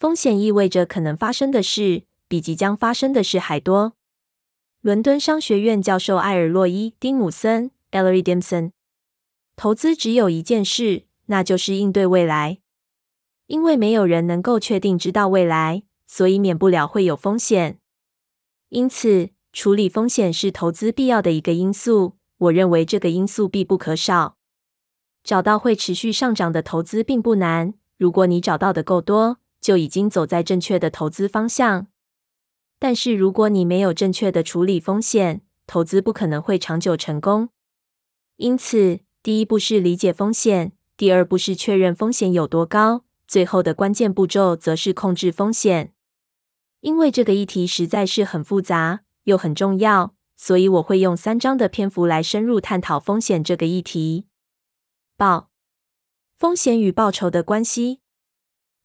風險意味着可能發生的事比即將發生的事還多。倫敦商學院教授艾爾洛伊·丁姆森 e l r y Dimson）：“ 投資只有一件事，那就是應對未來，因為沒有人能夠確定知道未來，所以免不了會有風險。因此，處理風險是投資必要的一個因素。我認為這個因素必不可少。找到會持續上漲的投資並不難，如果你找到的夠多。”就已經走在正確的投資方向，但是如果你沒有正確的處理風險，投資不可能會長久成功。因此，第一步是理解風險，第二步是確認風險有多高，最後的關鍵步驟則是控制風險。因為這個議題實在是很複雜又很重要，所以我會用三章的篇幅來深入探討風險這個議題。報風險與報酬的關係。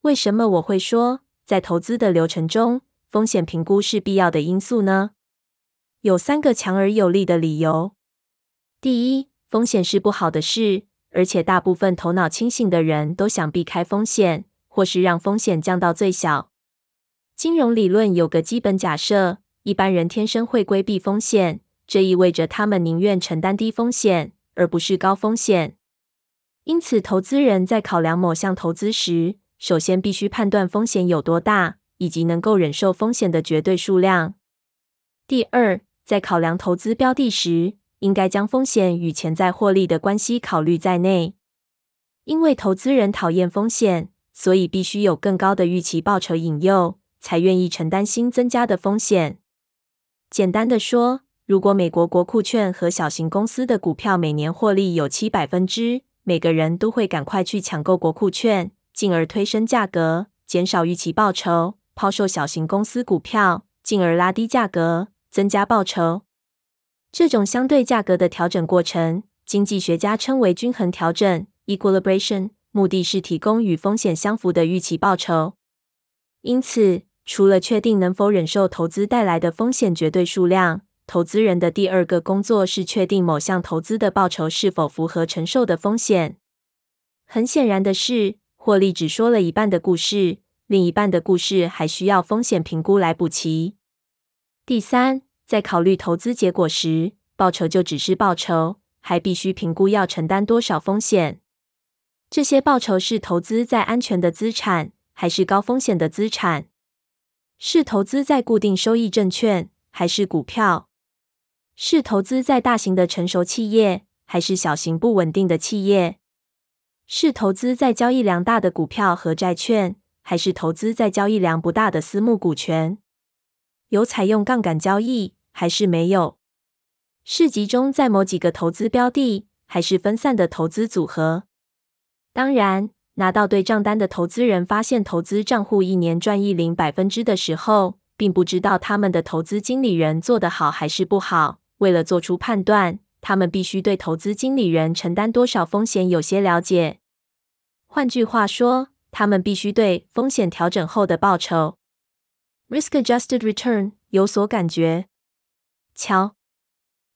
為什麼我會說在投資的流程中，風險評估是必要的因素呢？有三個強而有力的理由。第一，風險是不好的事，而且大部分頭腦清醒的人都想避開風險，或是讓風險降到最小。金融理論有個基本假設，一般人天生會規避風險，這意味着他們寧願承擔低風險，而不是高風險。因此，投資人在考量某項投資時，首先，必須判斷風險有多大，以及能夠忍受風險的絕對數量。第二，在考量投資標的時，應該將風險與潛在獲利的關係考慮在內。因為投資人討厭風險，所以必須有更高的預期報酬引誘，才願意承擔新增加的風險。簡單地說，如果美國國庫券和小型公司的股票每年獲利有7%，每個人都會趕快去搶購國庫券。進而推升價格，減少預期報酬；拋售小型公司股票，進而拉低價格，增加報酬。這種相對價格的調整過程，經濟學家稱為均衡調整 （equilibration），目的是提供與風險相符的預期報酬。因此，除了確定能否忍受投資帶來的風險絕對數量，投資人的第二個工作是確定某項投資的報酬是否符合承受的風險。很顯然的是，獲利只說了一半的故事，另一半的故事還需要風險評估來補齊。第三，在考慮投資結果時，報酬就只是報酬，還必須評估要承擔多少風險。這些報酬是投資在安全的資產，還是高風險的資產？是投資在固定收益證券，還是股票？是投資在大型的成熟企業，還是小型不穩定的企業？是投資在交易量大的股票和債券，還是投資在交易量不大的私募股權？有採用槓桿交易還是沒有？是集中在某幾個投資標的，還是分散的投資組合？當然，拿到對賬單的投資人發現投資賬戶一年賺一零百分之的時候，並不知道他們的投資經理人做得好還是不好，為了做出判斷。他們必須對投資經理人承擔多少風險有些了解。換句話說，他們必須對風險調整後的報酬 （risk-adjusted return） 有所感覺。瞧，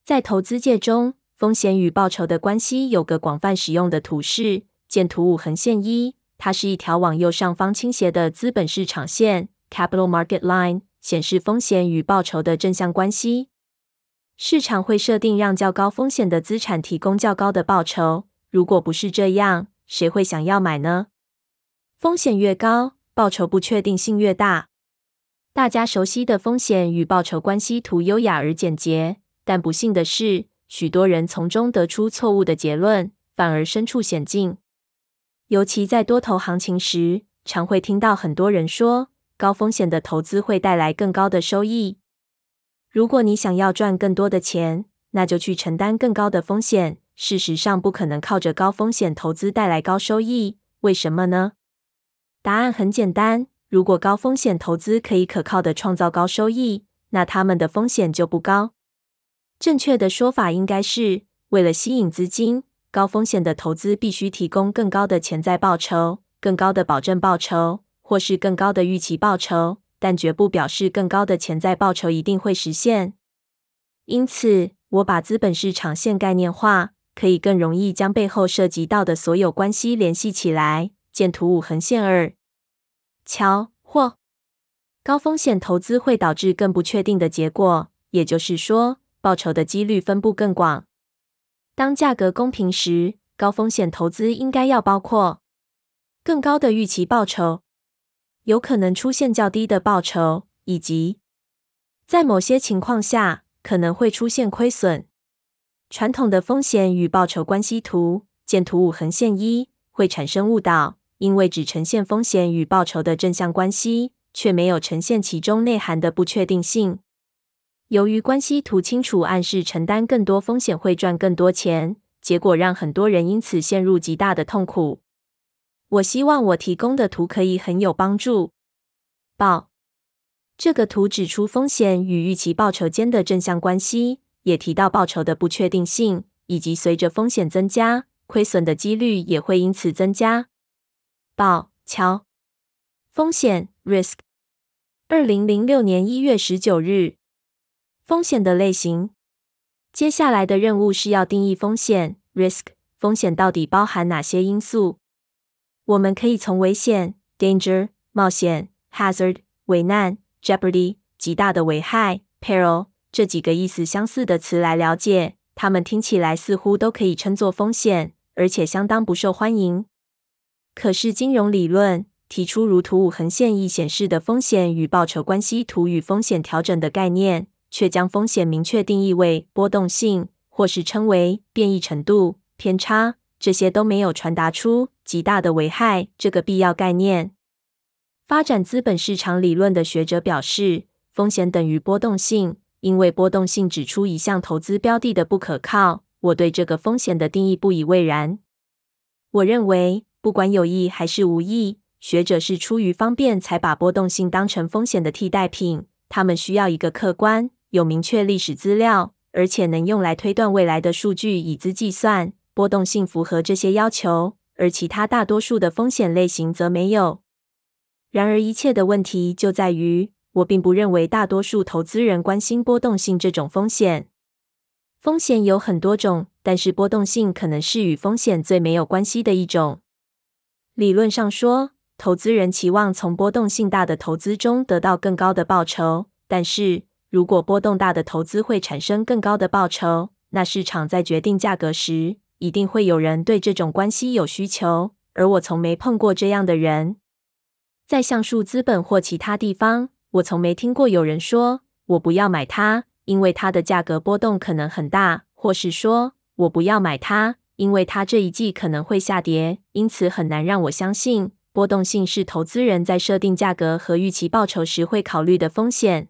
在投資界中，風險與報酬的關係有個廣泛使用的圖示，見圖五橫線一。它是一條往右上方傾斜的資本市場線 （capital market line），顯示風險與報酬的正向關係。市場會設定讓較高風險的資產提供較高的報酬。如果不是這樣，誰會想要買呢？風險越高，報酬不確定性越大。大家熟悉的風險與報酬關係圖優雅而簡潔，但不幸的是，許多人從中得出錯誤的結論，反而身處險境。尤其在多頭行情時，常會聽到很多人說，高風險的投資會帶來更高的收益。如果你想要賺更多的錢，那就去承擔更高的風險。事實上，不可能靠着高風險投資帶來高收益。為什麼呢？答案很簡單：如果高風險投資可以可靠地創造高收益，那他們的風險就不高。正確的說法應該是，為了吸引資金，高風險的投資必須提供更高的潛在報酬、更高的保證報酬，或是更高的預期報酬。但絕不表示更高的潛在報酬一定會實現。因此，我把資本市場線概念化，可以更容易將背後涉及到的所有關係聯繫起來。見圖五橫線二。瞧，或高風險投資會導致更不確定的結果，也就是說，報酬的幾率分布更廣。當價格公平時，高風險投資應該要包括更高的預期報酬。有可能出現較低的報酬，以及在某些情況下可能會出現虧損。傳統的風險與報酬關係圖（見圖五橫線一）會產生誤導，因為只呈現風險與報酬的正向關係，卻沒有呈現其中內涵的不確定性。由於關係圖清楚暗示承擔更多風險會賺更多錢，結果讓很多人因此陷入極大的痛苦。我希望我提供的圖可以很有幫助。報，這個圖指出風險與預期報酬間的正向關係，也提到報酬的不確定性，以及隨着風險增加，虧損的幾率也會因此增加。報，瞧，風險 （risk）。二零零六年一月十九日，風險的類型。接下來的任務是要定義風險 （risk）。風險到底包含哪些因素？我們可以從危險 (danger)、冒險 (hazard)、危難 (jeopardy)、極大的危害 (peril) 這幾個意思相似的詞來了解，它們聽起來似乎都可以稱作風險，而且相當不受歡迎。可是，金融理論提出如圖五橫線一顯示的風險與報酬關係圖與風險調整的概念，卻將風險明確定義為波動性，或是稱為變異程度、偏差。這些都沒有傳達出極大的危害這個必要概念。發展資本市場理論的學者表示：“風險等於波動性，因為波動性指出一項投資標的的不可靠。”我對這個風險的定義不以為然。我認為，不管有意還是無意，學者是出於方便才把波動性當成風險的替代品。他們需要一個客觀、有明確歷史資料，而且能用來推斷未來的數據，以資計算。波動性符合這些要求，而其他大多數的風險類型則沒有。然而，一切的問題就在於，我並不認為大多數投資人關心波動性這種風險。風險有很多種，但是波動性可能是與風險最沒有關係的一種。理論上說，投資人期望從波動性大的投資中得到更高的報酬。但是如果波動大的投資會產生更高的報酬，那市場在決定價格時，一定會有人對這種關係有需求，而我從沒碰過這樣的人。在橡樹資本或其他地方，我從沒聽過有人說，我不要買它，因為它的價格波動可能很大，或是說，我不要買它，因為它這一季可能會下跌。因此，很難讓我相信波動性是投資人在設定價格和預期報酬時會考慮的風險。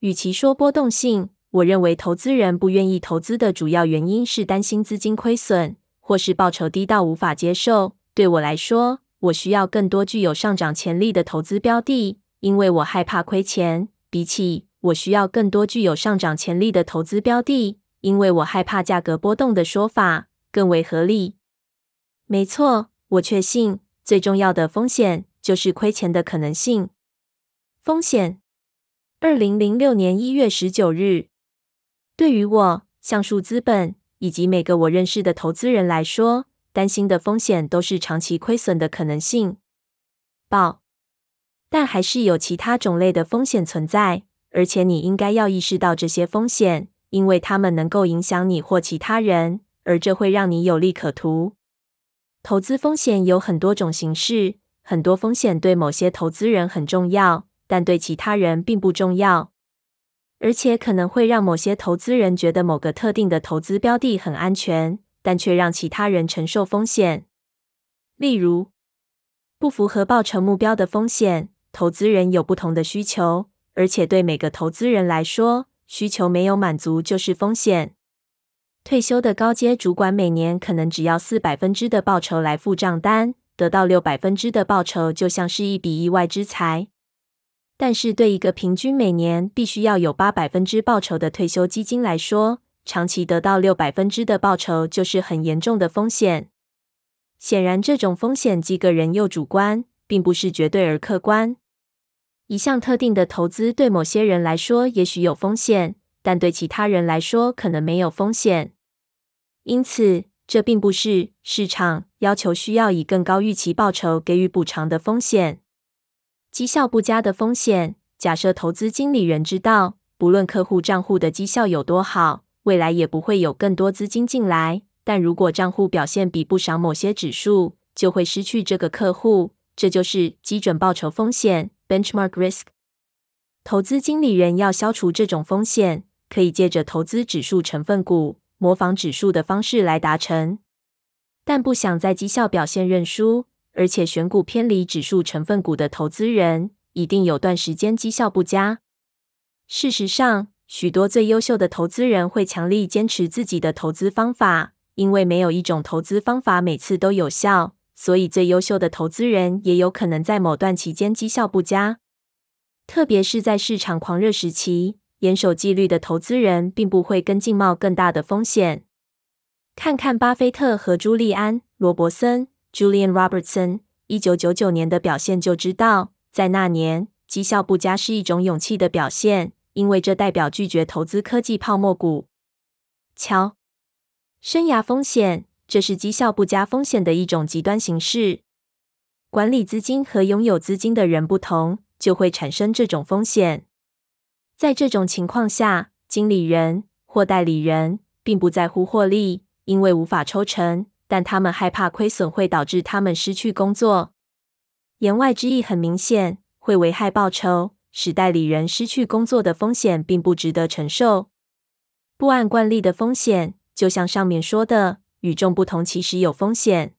與其說波動性，我認為投資人不願意投資的主要原因是擔心資金虧損，或是報酬低到無法接受。對我來說，我需要更多具有上漲潛力的投資標的，因為我害怕虧錢。比起我需要更多具有上漲潛力的投資標的，因為我害怕價格波動的說法更為合理。沒錯，我確信最重要的風險就是虧錢的可能性。風險。二零零六年一月十九日。對於我、橡樹資本以及每個我認識的投資人來說，擔心的風險都是長期虧損的可能性。報，但還是有其他種類的風險存在，而且你應該要意識到這些風險，因為它們能夠影響你或其他人，而這會讓你有利可圖。投資風險有很多種形式，很多風險對某些投資人很重要，但對其他人並不重要。而且可能會讓某些投資人覺得某個特定的投資標的很安全，但卻讓其他人承受風險。例如，不符合報酬目標的風險，投資人有不同的需求，而且對每個投資人來說，需求沒有滿足就是風險。退休的高階主管每年可能只要百分之四的報酬來付賬單，得到百分之六的報酬就像是一筆意外之財。但是，對一個平均每年必須要有百分之八報酬的退休基金來說，長期得到百分之六的報酬就是很嚴重的風險。顯然，這種風險既個人又主觀，並不是絕對而客觀。一項特定的投資對某些人來說也許有風險，但對其他人來說可能沒有風險。因此，這並不是市場要求需要以更高預期報酬給予補償的風險。績效不佳的風險。假設投資經理人知道，不論客戶賬戶的績效有多好，未來也不會有更多資金進來。但如果賬戶表現比不上某些指數，就會失去這個客戶。這就是基準報酬風險 （benchmark risk）。投資經理人要消除這種風險，可以借着投資指數成分股、模仿指數的方式來達成。但不想在績效表現認輸。而且選股偏離指數成分股的投資人，一定有段時間績效不佳。事實上，許多最優秀的投資人會強力堅持自己的投資方法，因為沒有一種投資方法每次都有效，所以最優秀的投資人也有可能在某段期間績效不佳。特別是在市場狂熱時期，嚴守紀律的投資人並不會跟進，冒更大的風險。看看巴菲特和朱利安·羅伯森，Julian Robertson 一九九九年的表現就知道，在那年，績效不佳是一種勇氣的表現，因為這代表拒絕投資科技泡沫股。瞧，生涯風險，這是績效不佳風險的一種極端形式。管理資金和擁有資金的人不同，就會產生這種風險。在這種情況下，經理人或代理人並不在乎獲利，因為無法抽成。但他們害怕虧損會導致他們失去工作，言外之意很明顯，會危害報酬，使代理人失去工作的風險並不值得承受。不按慣例的風險，就像上面說的，與眾不同其實有風險。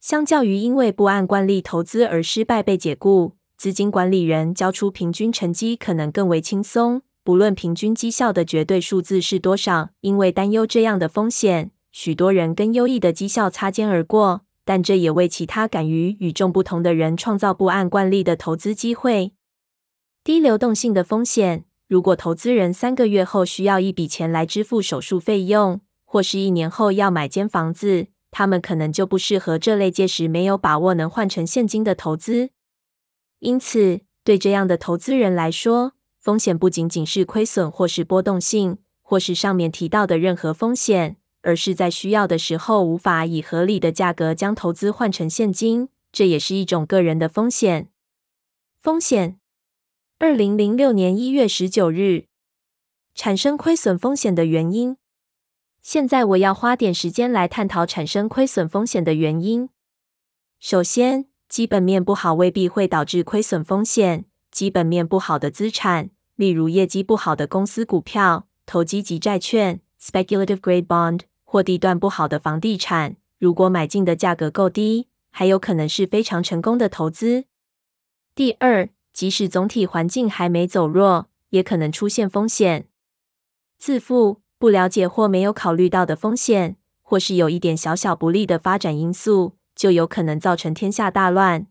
相較於因為不按慣例投資而失敗被解僱，資金管理人交出平均成績可能更為輕鬆，不論平均績效的絕對數字是多少，因為擔憂這樣的風險。許多人跟優異的績效擦肩而過，但這也為其他敢於與眾不同的人創造不按慣例的投資機會。低流動性的風險：如果投資人三個月後需要一筆錢來支付手術費用，或是一年後要買間房子，他們可能就不適合這類屆時沒有把握能換成現金的投資。因此，對這樣的投資人來說，風險不僅僅是虧損，或是波動性，或是上面提到的任何風險。而是在需要的時候無法以合理的價格將投資換成現金，這也是一種個人的風險風險。二零零六年一月十九日，產生虧損風險的原因。現在我要花點時間來探討產生虧損風險的原因。首先，基本面不好未必會導致虧損風險。基本面不好的資產，例如業績不好的公司股票、投機級債券 （speculative grade bond）。或地段不好的房地產，如果買進的價格夠低，還有可能是非常成功的投資。第二，即使總體環境還沒走弱，也可能出現風險。自負、不了解或沒有考慮到的風險，或是有一點小小不利的發展因素，就有可能造成天下大亂。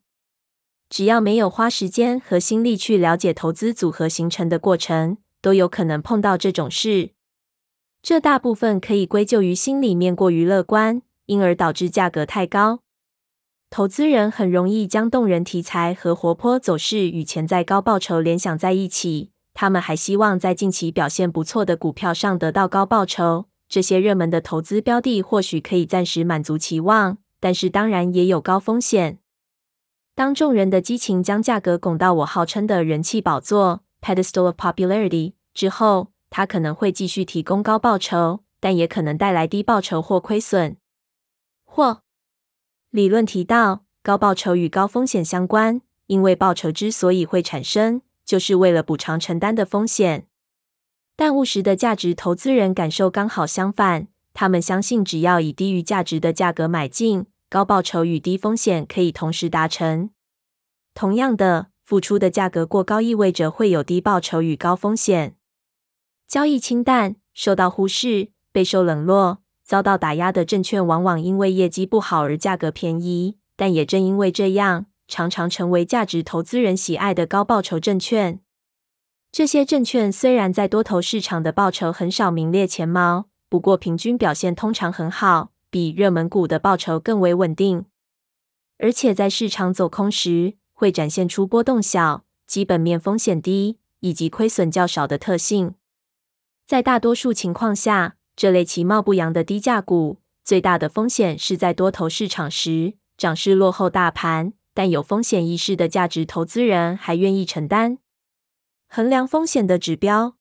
只要沒有花時間和心力去了解投資組合形成的過程，都有可能碰到這種事。這大部分可以歸咎於心裡面過於樂觀，因而導致價格太高。投資人很容易將動人題材和活潑走勢與潛在高報酬聯想在一起。他們還希望在近期表現不錯的股票上得到高報酬。這些熱門的投資標的或許可以暫時滿足期望，但是當然也有高風險。當眾人的激情將價格拱到我號稱的人氣寶座 （Pedestal of Popularity） 之後。它可能會繼續提供高報酬，但也可能帶來低報酬或虧損。或理論提到，高報酬與高風險相關，因為報酬之所以會產生，就是為了補償承擔的風險。但務實的價值投資人感受剛好相反，他們相信只要以低於價值的價格買進，高報酬與低風險可以同時達成。同樣的，付出的價格過高，意味着會有低報酬與高風險。交易清淡、受到忽視、備受冷落、遭到打壓的證券，往往因為業績不好而價格便宜。但也正因為這樣，常常成為價值投資人喜愛的高報酬證券。這些證券雖然在多頭市場的報酬很少名列前茅，不過平均表現通常很好，比熱門股的報酬更為穩定。而且在市場走空時，會展現出波動小、基本面風險低以及虧損較少的特性。在大多數情況下，這類其貌不揚的低價股最大的風險是在多頭市場時漲勢落後大盤，但有風險意識的價值投資人還願意承擔。衡量風險的指標，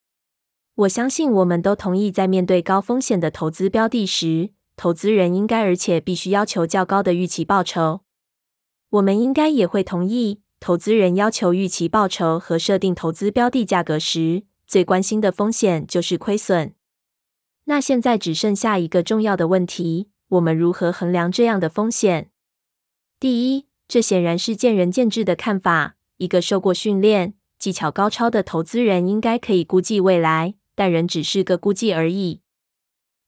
我相信我們都同意，在面對高風險的投資標的時，投資人應該而且必須要求較高的預期報酬。我們應該也會同意，投資人要求預期報酬和設定投資標的價格時，最關心的風險就是虧損。那現在只剩下一個重要的問題：我們如何衡量這樣的風險？第一，這顯然是見仁見智的看法。一個受過訓練、技巧高超的投資人應該可以估計未來，但仍只是個估計而已。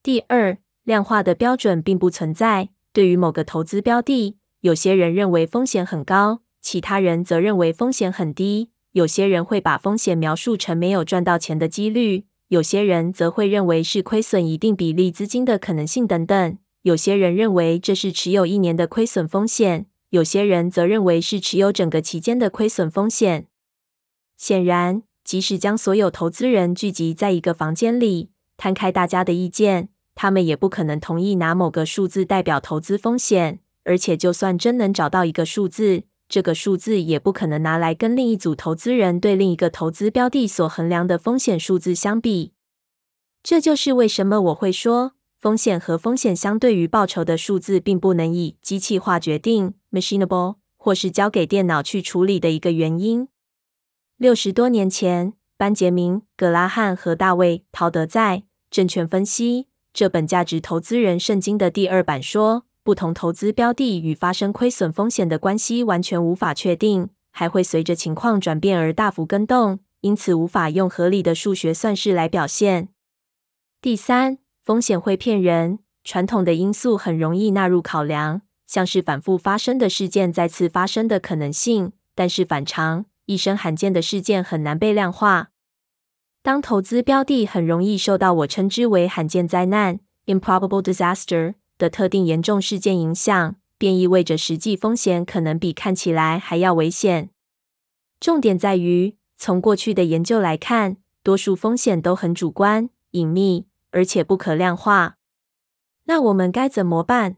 第二，量化的標準並不存在。對於某個投資標的，有些人認為風險很高，其他人則認為風險很低。有些人會把風險描述成沒有賺到錢的幾率，有些人則會認為是虧損一定比例資金的可能性等等。有些人認為這是持有一年的虧損風險，有些人則認為是持有整個期間的虧損風險。顯然，即使將所有投資人聚集在一個房間裡，攤開大家的意見，他們也不可能同意拿某個數字代表投資風險，而且就算真能找到一個數字，這個數字也不可能拿來跟另一組投資人對另一個投資標的所衡量的風險數字相比。這就是為什麼我會說，風險和風險相對於報酬的數字，並不能以機器化決定 （machinable） 或是交給電腦去處理的一個原因。六十多年前，班傑明·格拉漢和大衛·陶德在《證券分析》這本價值投資人聖經的第二版說。不同投資標的與發生虧損風險的關係完全無法確定，還會隨着情況轉變而大幅更動，因此無法用合理的數學算式來表現。第三，風險會騙人，傳統的因素很容易納入考量，像是反復發生的事件再次發生的可能性。但是反常、一生罕見的事件很難被量化。當投資標的很容易受到我稱之為罕見災難 （improbable disaster）。的特定嚴重事件影響，便意味着實際風險可能比看起來還要危險。重點在於，從過去的研究來看，多數風險都很主觀、隱祕，而且不可量化。那我們該怎麼辦？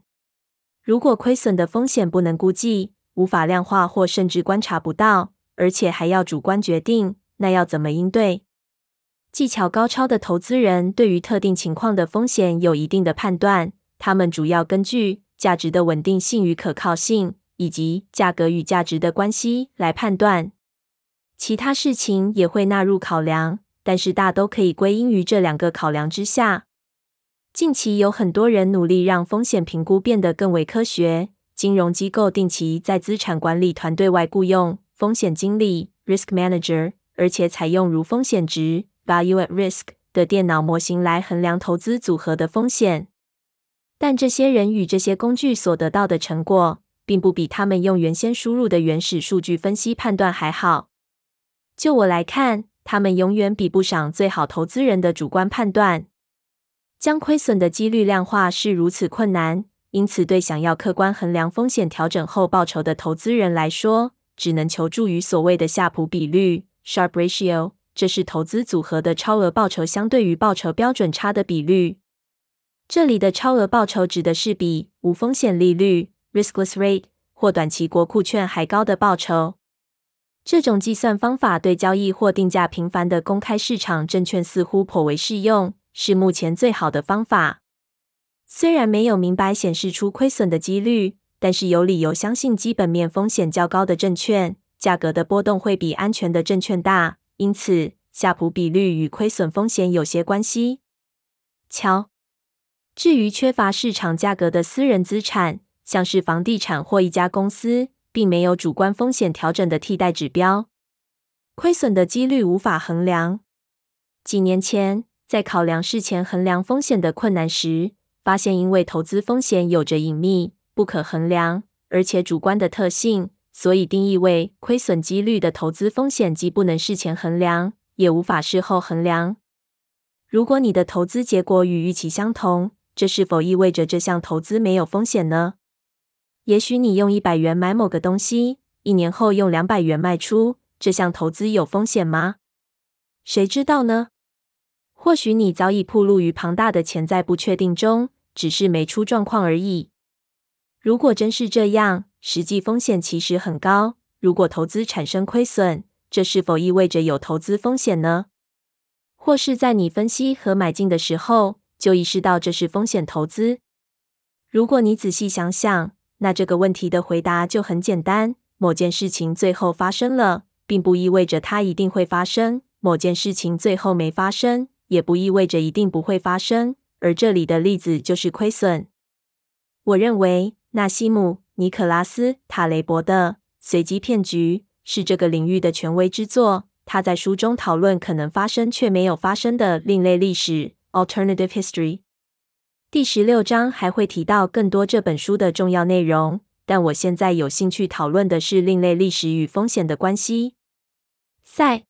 如果虧損的風險不能估計、無法量化，或甚至觀察不到，而且還要主觀決定，那要怎麼應對？技巧高超的投資人對於特定情況的風險有一定的判斷。他們主要根據價值的穩定性與可靠性，以及價格與價值的關係來判斷。其他事情也會納入考量，但是大都可以歸因於這兩個考量之下。近期有很多人努力讓風險評估變得更為科學。金融機構定期在資產管理團隊外僱用風險經理 （Risk Manager），而且採用如風險值 （Value at Risk） 的電腦模型來衡量投資組合的風險。但這些人與這些工具所得到的成果，並不比他們用原先輸入的原始數據分析判斷還好。就我來看，他們永遠比不上最好投資人的主觀判斷。將虧損的幾率量化是如此困難，因此對想要客觀衡量風險調整後報酬的投資人來說，只能求助於所謂的夏普比率 s h a r p Ratio），這是投資組合的超額報酬相對於報酬標準差的比率。這裡的超額報酬指的是比無風險利率 （riskless rate） 或短期國庫券還高的報酬。這種計算方法對交易或定價頻繁的公開市場證券似乎頗為適用，是目前最好的方法。雖然沒有明白顯示出虧損的幾率，但是有理由相信基本面風險較高的證券價格的波動會比安全的證券大，因此夏普比率與虧損風險有些關係。瞧。至於缺乏市場價格的私人資產，像是房地產或一家公司，並沒有主觀風險調整的替代指標，虧損的幾率無法衡量。幾年前，在考量事前衡量風險的困難時，發現因為投資風險有着隱秘、不可衡量，而且主觀的特性，所以定義為虧損幾率的投資風險，既不能事前衡量，也無法事後衡量。如果你的投資結果與預期相同，這是否意味着這項投資沒有風險呢？也許你用一百元買某個東西，一年後用兩百元賣出，這項投資有風險嗎？誰知道呢？或許你早已暴露於龐大的潛在不確定中，只是沒出狀況而已。如果真是這樣，實際風險其實很高。如果投資產生虧損，這是否意味着有投資風險呢？或是在你分析和買進的時候，就意識到這是風險投資。如果你仔細想想，那這個問題的回答就很簡單：某件事情最後發生了，並不意味着它一定會發生；某件事情最後沒發生，也不意味着一定不會發生。而這裡的例子就是虧損。我認為納西姆·尼可拉斯·塔雷伯的《隨機騙局》是這個領域的權威之作。他在書中討論可能發生卻沒有發生的另類歷史。Alternative History 第十六章還會提到更多這本書的重要內容。但我現在有興趣討論的是另類歷史與風險的關係。塞，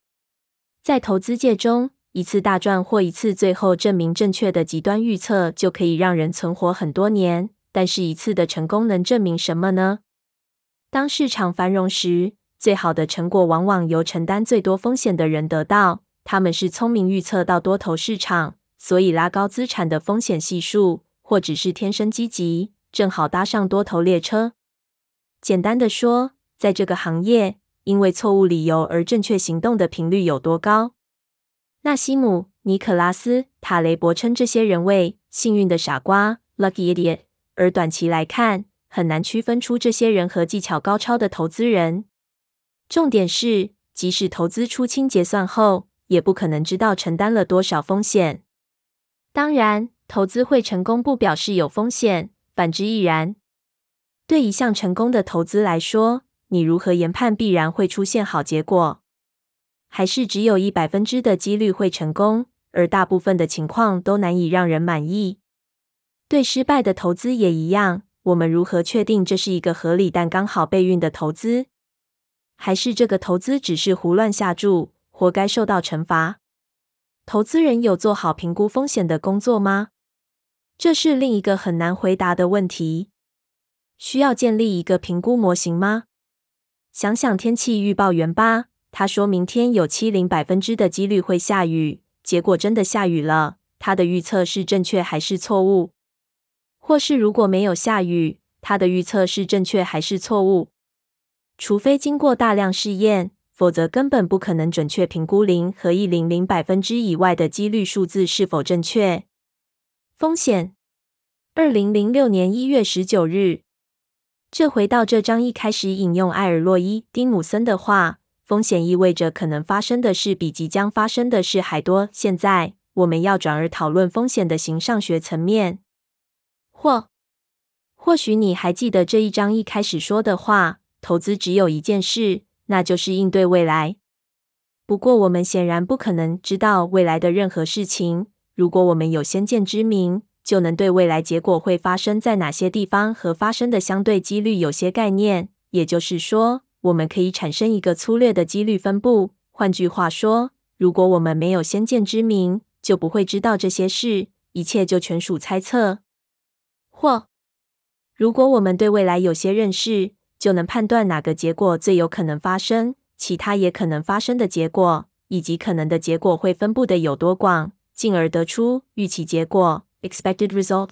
在投資界中，一次大賺或一次最後證明正確的極端預測就可以讓人存活很多年。但是，一次的成功能證明什麼呢？當市場繁榮時，最好的成果往往由承擔最多風險的人得到。他們是聰明預測到多頭市場，所以拉高資產的風險係數，或者是天生積極，正好搭上多頭列車。簡單的說，在這個行業，因為錯誤理由而正確行動的頻率有多高？納西姆·尼可拉斯·塔雷伯稱這些人為“幸運的傻瓜 ”（lucky idiot），而短期來看，很難區分出這些人和技巧高超的投資人。重點是，即使投資出清結算後，也不可能知道承擔了多少風險。當然，投資會成功不表示有風險，反之亦然。對一項成功的投資來說，你如何研判必然會出現好結果，還是只有一百分之的幾率會成功，而大部分的情況都難以讓人滿意？對失敗的投資也一樣，我們如何確定這是一個合理但剛好背運的投資，還是這個投資只是胡亂下注，活該受到懲罰？投資人有做好評估風險的工作嗎？這是另一個很難回答的問題。需要建立一個評估模型嗎？想想天氣預報員吧，他說明天有百分之七十的幾率會下雨，結果真的下雨了，他的預測是正確還是錯誤？或是如果沒有下雨，他的預測是正確還是錯誤？除非經過大量試驗。否則，根本不可能準確評估零和一零零百分之以外的幾率數字是否正確。風險。二零零六年一月十九日。這回到這章一開始引用艾爾洛伊丁姆森的話：“風險意味着可能發生的事比即將發生的事還多。”現在，我們要轉而討論風險的形上學層面。或，或許你還記得這一章一開始說的話：“投資只有一件事。”那就是應對未來。不過，我們顯然不可能知道未來的任何事情。如果我們有先見之明，就能對未來結果會發生在哪些地方、和發生的相對幾率有些概念。也就是說，我們可以產生一個粗略的幾率分布。換句話說，如果我們沒有先見之明，就不會知道這些事，一切就全屬猜測。或，如果我們對未來有些認識，就能判斷哪個結果最有可能發生，其他也可能發生的結果，以及可能的結果會分佈的有多廣，進而得出預期結果 （expected result）。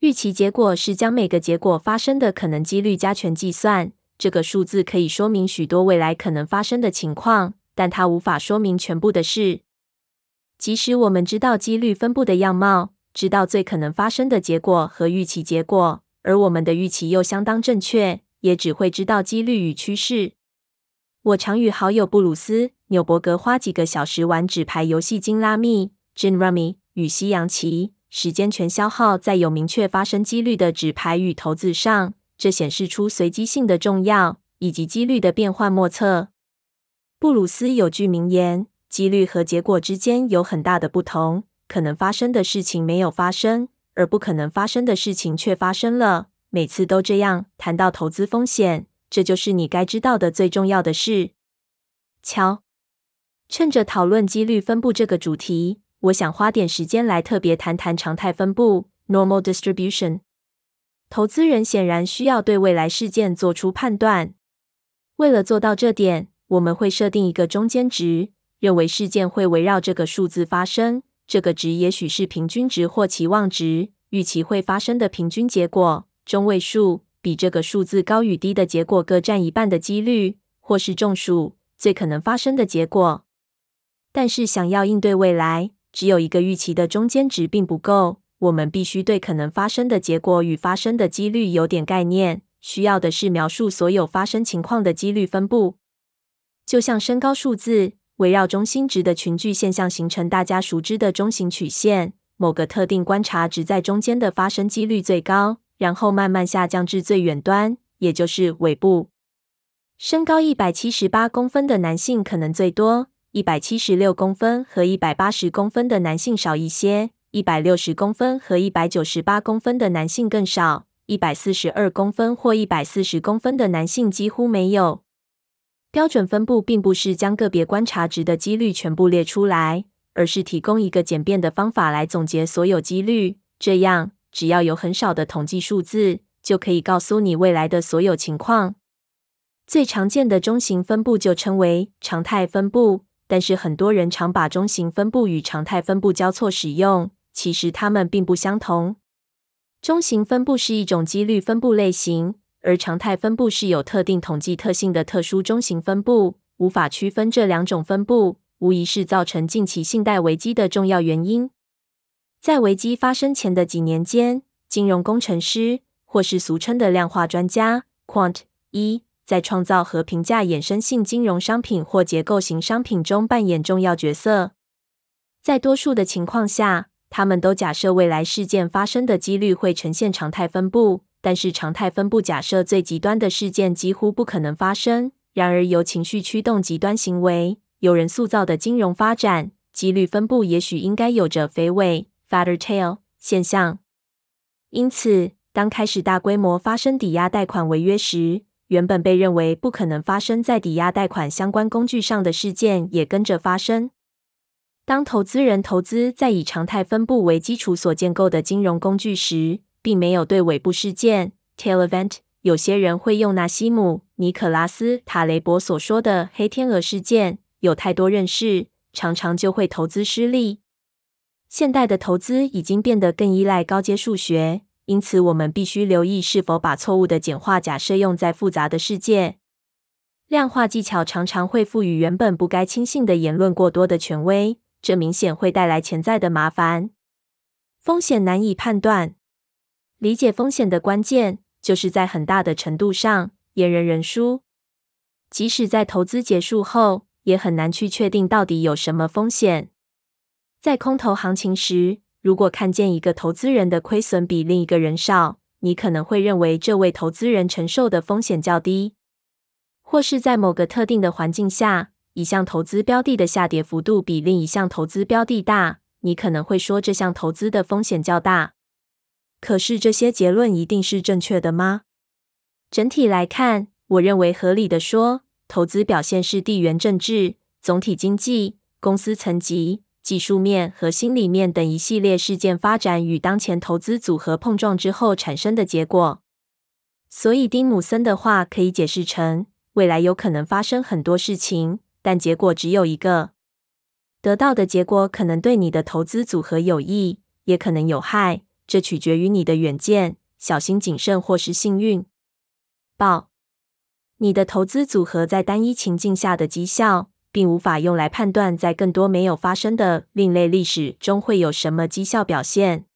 預期結果是將每個結果發生的可能幾率加權計算。這個數字可以說明許多未來可能發生的情況，但它無法說明全部的事。即使我們知道幾率分佈的樣貌，知道最可能發生的結果和預期結果，而我們的預期又相當正確。也只會知道幾率與趨勢。我常與好友布魯斯紐伯格花幾個小時玩紙牌遊戲金拉密 g i n Rummy） 與西洋棋，時間全消耗在有明確發生幾率的紙牌與骰子上。這顯示出隨機性的重要以及幾率的變幻莫測。布魯斯有句名言：幾率和結果之間有很大的不同，可能發生的事情沒有發生，而不可能發生的事情卻發生了。每次都這樣談到投資風險，這就是你該知道的最重要的事。瞧，趁着討論幾率分布這個主題，我想花點時間來特別談談常態分布 （Normal Distribution）。投資人顯然需要對未來事件做出判斷。為了做到這點，我們會設定一個中間值，認為事件會圍繞這個數字發生。這個值也許是平均值或期望值，預期會發生的平均結果。中位數比這個數字高與低的結果各占一半的幾率，或是眾數，最可能發生的結果。但是，想要應對未來，只有一個預期的中間值並不夠，我們必須對可能發生的結果與發生的幾率有點概念。需要的是描述所有發生情況的幾率分布，就像身高數字圍繞中心值的群聚現象形成大家熟知的鐘形曲線，某個特定觀察值在中間的發生幾率最高。然後慢慢下降至最遠端，也就是尾部。身高一百七十八公分的男性可能最多，一百七十六公分和一百八十公分的男性少一些，一百六十公分和一百九十八公分的男性更少，一百四十二公分或一百四十公分的男性幾乎沒有。標準分布並不是將個別觀察值的幾率全部列出來，而是提供一個簡便的方法來總結所有幾率，這樣。只要有很少的統計數字，就可以告訴你未來的所有情況。最常見的鐘型分布就稱為常態分布，但是很多人常把鐘型分布與常態分布交錯使用，其實它們並不相同。鐘型分布是一種幾率分布類型，而常態分布是有特定統計特性的特殊鐘型分布，無法區分這兩種分布，無疑是造成近期信貸危機的重要原因。在危機發生前的幾年間，金融工程師或是俗稱的量化專家 （quant） 一在創造和評價衍生性金融商品或結構型商品中扮演重要角色。在多數的情況下，他們都假設未來事件發生的幾率會呈現常態分布。但是，常態分布假設最極端的事件幾乎不可能發生。然而，由情緒驅動、極端行為、有人塑造的金融發展，幾率分布也許應該有着肥尾。Fat Tail 現象，因此當開始大規模發生抵押貸款違約時，原本被認為不可能發生在抵押貸款相關工具上的事件也跟着發生。當投資人投資在以常態分布為基礎所建構的金融工具時，並沒有對尾部事件 （Tail Event），有些人會用納西姆·尼可拉斯·塔雷伯所說的“黑天鵝事件”有太多認識，常常就會投資失利。現代的投資已經變得更依賴高階數學，因此我們必須留意是否把錯誤的簡化假設用在複雜的世界。量化技巧常常會賦予原本不該輕信的言論過多的權威，這明顯會帶來潛在的麻煩。風險難以判斷。理解風險的關鍵，就是在很大的程度上言人人殊，即使在投資結束後，也很難去確定到底有什麼風險。在空頭行情時，如果看見一個投資人的虧損比另一個人少，你可能會認為這位投資人承受的風險較低；或是在某個特定的環境下，一項投資標的的下跌幅度比另一項投資標的大，你可能會說這項投資的風險較大。可是，這些結論一定是正確的嗎？整體來看，我認為合理的說，投資表現是地緣政治、總體經濟、公司層級，技術面和心理面等一系列事件發展與當前投資組合碰撞之後產生的結果。所以，丁姆森的話可以解釋成：未來有可能發生很多事情，但結果只有一個。得到的結果可能對你的投資組合有益，也可能有害，這取決於你的遠見、小心謹慎或是幸運。報你的投資組合在單一情境下的績效。並無法用來判斷，在更多沒有發生的另類歷史中會有什麼績效表現。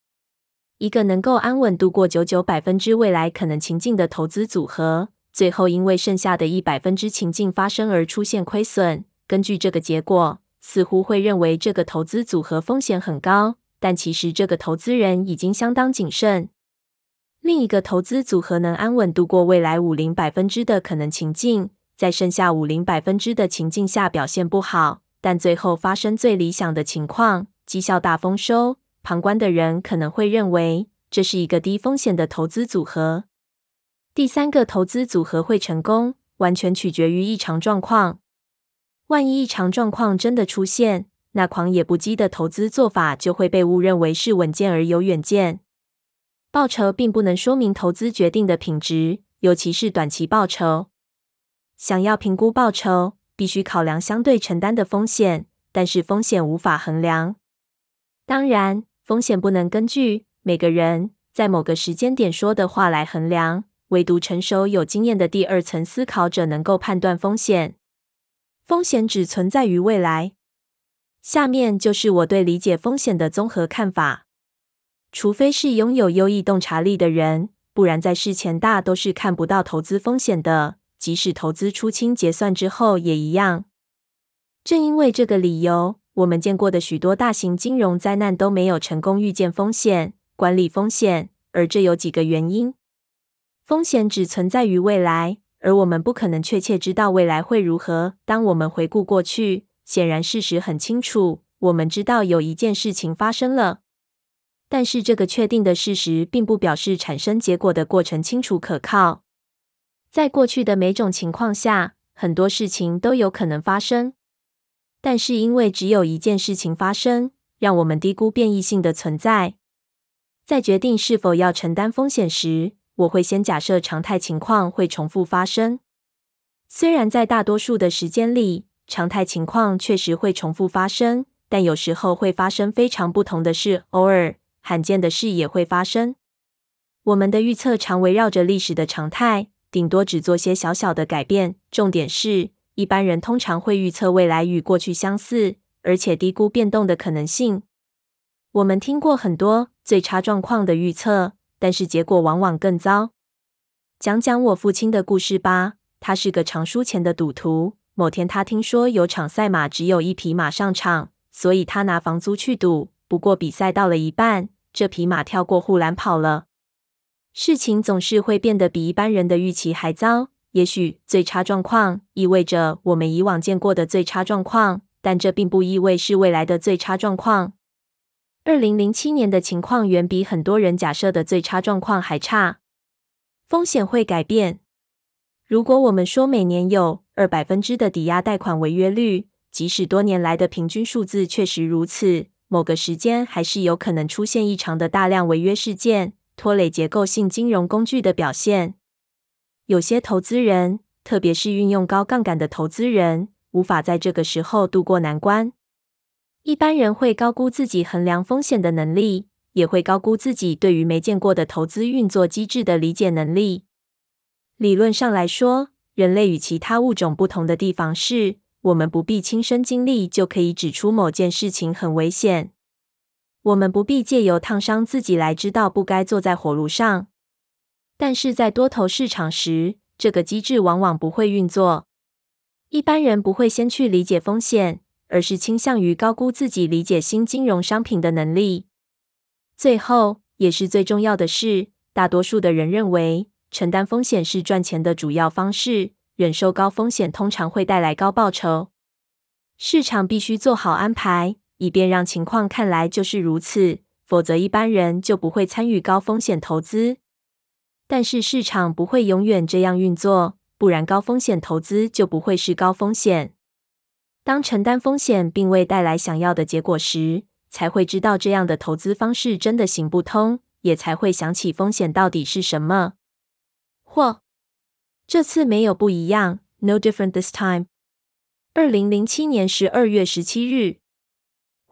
一個能夠安穩度過99%未來可能情境的投資組合，最後因為剩下的1%情境發生而出現虧損。根據這個結果，似乎會認為這個投資組合風險很高，但其實這個投資人已經相當謹慎。另一個投資組合能安穩度過未來50%的可能情境。在剩下百分之五十的情境下表現不好，但最後發生最理想的情況，績效大豐收，旁觀的人可能會認為這是一個低風險的投資組合。第三個投資組合會成功，完全取決於異常狀況。萬一異常狀況真的出現，那狂野不羈的投資做法就會被誤認為是穩健而有遠見。報酬並不能說明投資決定的品質，尤其是短期報酬。想要評估報酬，必須考量相對承擔的風險，但是風險無法衡量。當然，風險不能根據每個人在某個時間點說的話來衡量，唯獨成熟有經驗的第二層思考者能夠判斷風險。風險只存在於未來。下面就是我對理解風險的綜合看法：除非是擁有優異洞察力的人，不然在事前大都是看不到投資風險的。即使投資出清結算之後也一樣。正因為這個理由，我們見過的許多大型金融災難都沒有成功預見風險、管理風險，而這有幾個原因。風險只存在於未來，而我們不可能確切知道未來會如何。當我們回顧過去，顯然事實很清楚，我們知道有一件事情發生了。但是這個確定的事實並不表示產生結果的過程清楚可靠。在過去的每種情況下，很多事情都有可能發生。但是，因為只有一件事情發生，讓我們低估變異性的存在。在決定是否要承擔風險時，我會先假設常態情況會重複發生。雖然在大多數的時間裡，常態情況確實會重複發生，但有時候會發生非常不同的事。偶爾，罕見的事也會發生。我們的預測常圍繞着歷史的常態。頂多只做些小小的改變。重點是，一般人通常會預測未來與過去相似，而且低估變動的可能性。我們聽過很多最差狀況的預測，但是結果往往更糟。講講我父親的故事吧。他是個常輸錢的賭徒。某天，他聽說有場賽馬只有一匹馬上場，所以他拿房租去賭。不過，比賽到了一半，這匹馬跳過護欄跑了。事情總是會變得比一般人的預期還糟。也許最差狀況意味着我們以往見過的最差狀況，但這並不意味是未來的最差狀況。二零零七年的情況遠比很多人假設的最差狀況還差。風險會改變。如果我們說每年有百分之二的抵押貸款違約率，即使多年來的平均數字確實如此，某個時間還是有可能出現異常的大量違約事件。拖累結構性金融工具的表現。有些投資人，特別是運用高槓桿的投資人，無法在這個時候渡過難關。一般人會高估自己衡量風險的能力，也會高估自己對於沒見過的投資運作機制的理解能力。理論上來說，人類與其他物種不同的地方是，我們不必親身經歷就可以指出某件事情很危險。我們不必借由燙傷自己來知道不該坐在火爐上，但是在多頭市場時，這個機制往往不會運作。一般人不會先去理解風險，而是傾向於高估自己理解新金融商品的能力。最後，也是最重要的是，大多數的人認為承擔風險是賺錢的主要方式，忍受高風險通常會帶來高報酬。市場必須做好安排。以便讓情況看來就是如此，否則一般人就不會參與高風險投資。但是市場不會永遠這樣運作，不然高風險投資就不會是高風險。當承擔風險並未帶來想要的結果時，才會知道這樣的投資方式真的行不通，也才會想起風險到底是什麼。或這次沒有不一樣，No different this time。二零零七年十二月十七日。